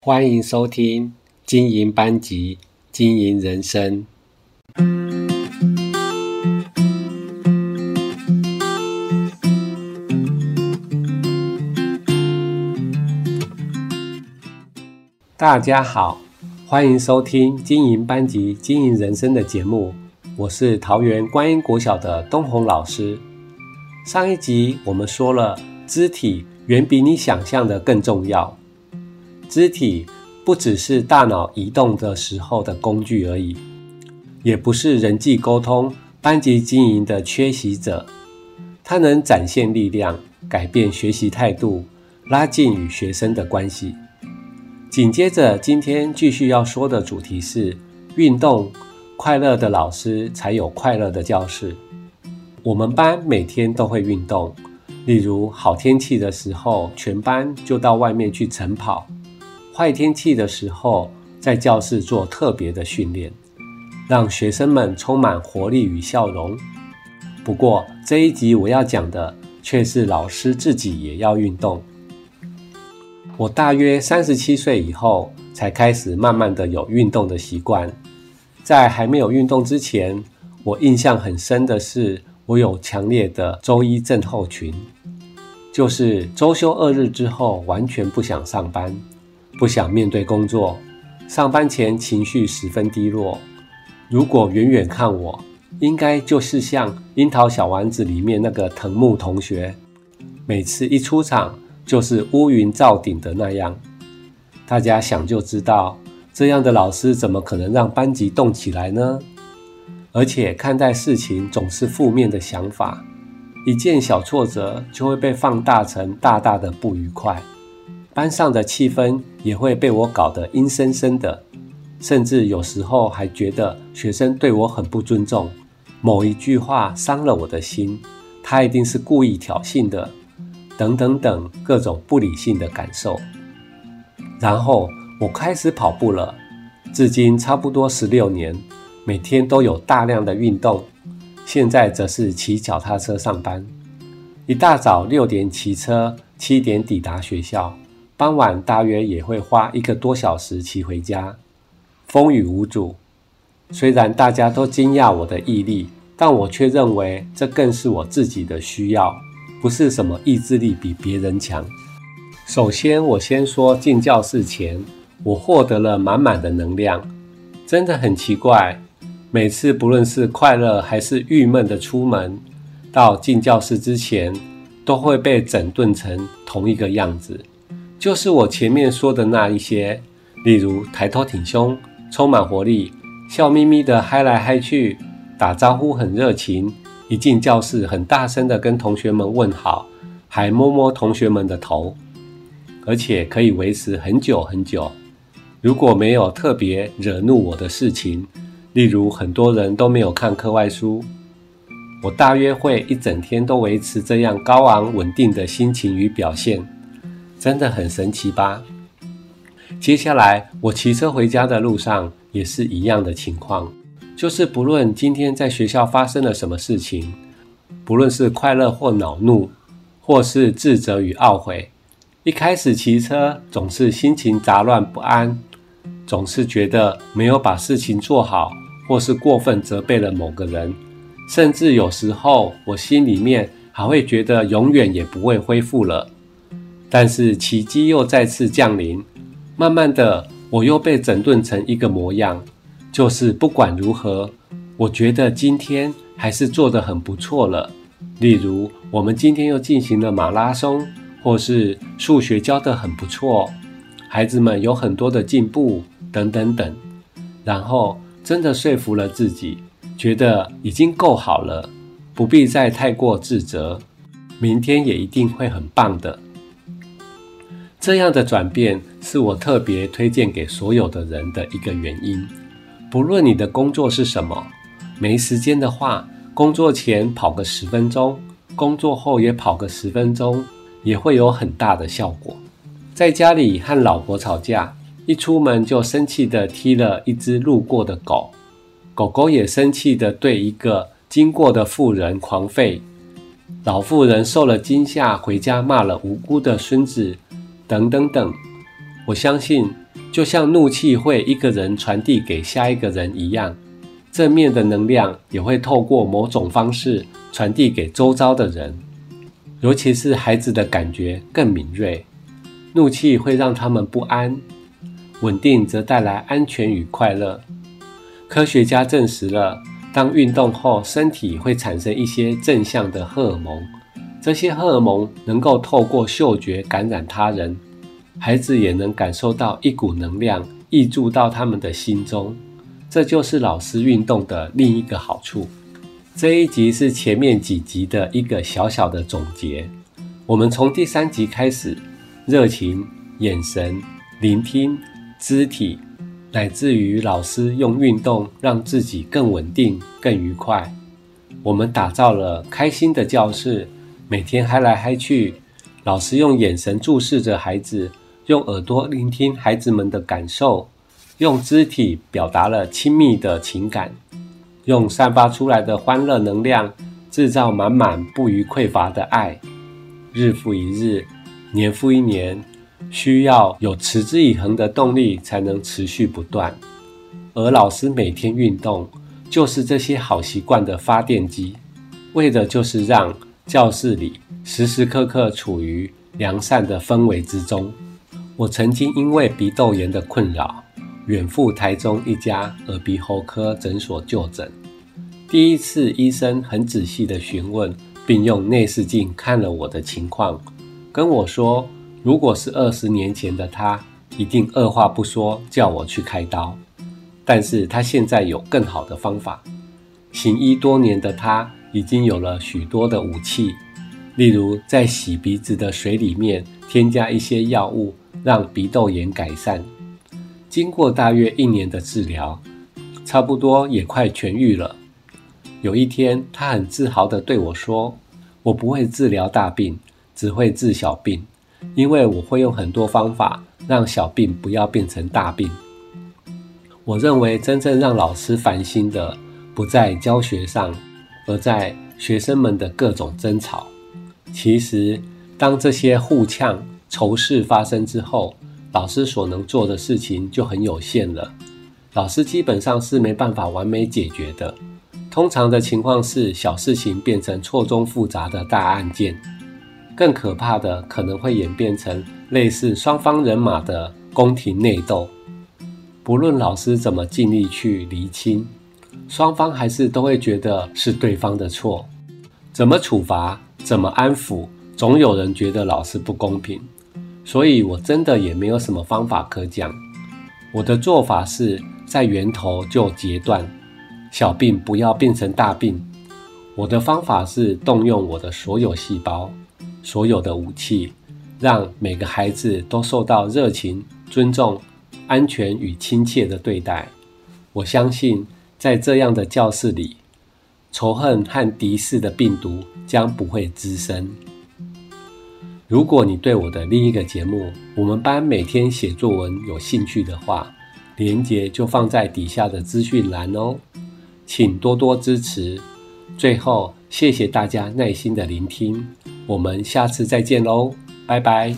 歡迎收聽《經營班級，經營人生》。大家好，歡迎收聽《經營班級，經營人生》的節目。我是桃園觀音國小的東紅老師。上一集我們說了，肢體遠比你想象的更重要。肢體不只是大腦移動的時候的工具而已，也不是人際溝通、班級經營的缺席者。它能展現力量，改變學習態度，拉近與學生的關係。緊接着，今天繼續要說的主題是運動。快樂的老師才有快樂的教室。我們班每天都會運動，例如好天氣的時候，全班就到外面去晨跑。壞天氣的時候，在教室做特別的訓練，讓學生們充滿活力與笑容。不過這一集我要講的卻是老師自己也要運動。我大約三十七歲以後才開始慢慢的有運動的習慣。在還沒有運動之前，我印象很深的是，我有強烈的周一症候群，就是周休二日之後完全不想上班。不想面對工作，上班前情緒十分低落。如果遠遠看我，應該就是像《櫻桃小丸子》裡面那個藤木同學，每次一出場就是烏雲罩頂的那樣。大家想就知道，這樣的老師怎麼可能讓班級動起來呢？而且看待事情總是負面的想法，一件小挫折就會被放大成大大的不愉快。班上的氣氛也會被我搞得陰森森的，甚至有時候還覺得學生對我很不尊重。某一句話傷了我的心，他一定是故意挑釁的，等等等，各種不理性的感受。然後我開始跑步了，至今差不多十六年，每天都有大量的運動。現在則是騎腳踏車上班，一大早六點騎車，七點抵達學校。傍晚大約也會花一個多小時騎回家，風雨無阻。雖然大家都驚訝我的毅力，但我卻認為這更是我自己的需要，不是什麼意志力比別人強。首先，我先說進教室前，我獲得了滿滿的能量，真的很奇怪。每次不論是快樂還是鬱悶的出門，到進教室之前，都會被整頓成同一個樣子。就是我前面說的那一些，例如抬頭挺胸、充滿活力、笑眯眯地嗨來嗨去、打招呼很熱情、一進教室很大聲地跟同學們問好，還摸摸同學們的頭，而且可以維持很久很久。如果沒有特別惹怒我的事情，例如很多人都沒有看課外書，我大約會一整天都維持這樣高昂穩定的心情與表現。真的很神奇吧？接下來我騎車回家的路上也是一樣的情況，就是不論今天在學校發生了什麼事情，不論是快樂或惱怒，或是自責與懊悔，一開始騎車總是心情雜亂不安，總是覺得沒有把事情做好，或是過分責備了某個人，甚至有時候我心裡面還會覺得永遠也不會恢復了。但是奇蹟又再次降臨，慢慢的，我又被整頓成一個模樣，就是不管如何，我覺得今天還是做得很不錯了。例如，我們今天又進行了馬拉松，或是數學教得很不錯，孩子們有很多的進步等等等，然後真的說服了自己，覺得已經夠好了，不必再太過自責，明天也一定會很棒的。這樣的轉變是我特別推薦給所有的人的一個原因。不論你的工作是什麼，沒時間的話，工作前跑個十分鐘，工作後也跑個十分鐘，也會有很大的效果。在家裡和老婆吵架，一出門就生氣地踢了一只路過的狗，狗狗也生氣地對一個經過的婦人狂吠，老婦人受了驚嚇，回家罵了無辜的孫子。等等等，我相信，就像怒氣會一個人傳遞給下一個人一樣，正面的能量也會透過某種方式傳遞給周遭的人。尤其是孩子的感覺更敏銳，怒氣會讓他們不安，穩定則帶來安全與快樂。科學家證實了，當運動後，身體會產生一些正向的荷爾蒙。這些荷爾蒙能夠透過嗅覺感染他人，孩子也能感受到一股能量溢注到他們的心中。這就是老師運動的另一個好處。這一集是前面幾集的一個小小的總結。我們從第三集開始，熱情、眼神、聆聽、肢體，乃至於老師用運動讓自己更穩定、更愉快。我們打造了開心的教室。每天嗨來嗨去，老師用眼神注視着孩子，用耳朵聆聽孩子們的感受，用肢體表達了親密的情感，用散發出來的歡樂能量制造滿滿不虞匱乏的愛。日復一日，年復一年，需要有持之以恆的動力才能持續不斷。而老師每天運動，就是這些好習慣的發電機，為的就是讓。教室裡時時刻刻處於良善的氛圍之中。我曾經因為鼻竇炎的困擾，遠赴台中一家耳鼻喉科診所就診。第一次，醫生很仔細地詢問，並用內視鏡看了我的情況，跟我說：“如果是二十年前的他，一定二話不說叫我去開刀。但是他現在有更好的方法。”行醫多年的他。已經有了許多的武器，例如在洗鼻子的水裡面添加一些藥物，讓鼻竇炎改善。經過大約一年的治療，差不多也快痊癒了。有一天，他很自豪地對我說：“我不會治療大病，只會治小病，因為我會用很多方法讓小病不要變成大病。”我認為真正讓老師煩心的不在教學上。而在學生們的各種爭吵，其實當這些互嗆仇視發生之後，老師所能做的事情就很有限了。老師基本上是沒辦法完美解決的。通常的情況是，小事情變成錯綜複雜的大案件。更可怕的，可能會演變成類似雙方人馬的宮廷內鬥。不論老師怎麼盡力去釐清，雙方還是都會覺得是對方的錯，怎麼處罰，怎麼安撫，總有人覺得老師不公平，所以我真的也沒有什麼方法可講。我的做法是在源頭就截斷，小病不要變成大病。我的方法是動用我的所有細胞、所有的武器，讓每個孩子都受到熱情、尊重、安全與親切的對待。我相信。在這樣的教室裡，仇恨和敵視的病毒將不會滋生。如果你對我的另一個節目《我們班每天寫作文》有興趣的話，連結就放在底下的資訊欄哦，請多多支持。最後，謝謝大家耐心的聆聽，我們下次再見嘍，拜拜。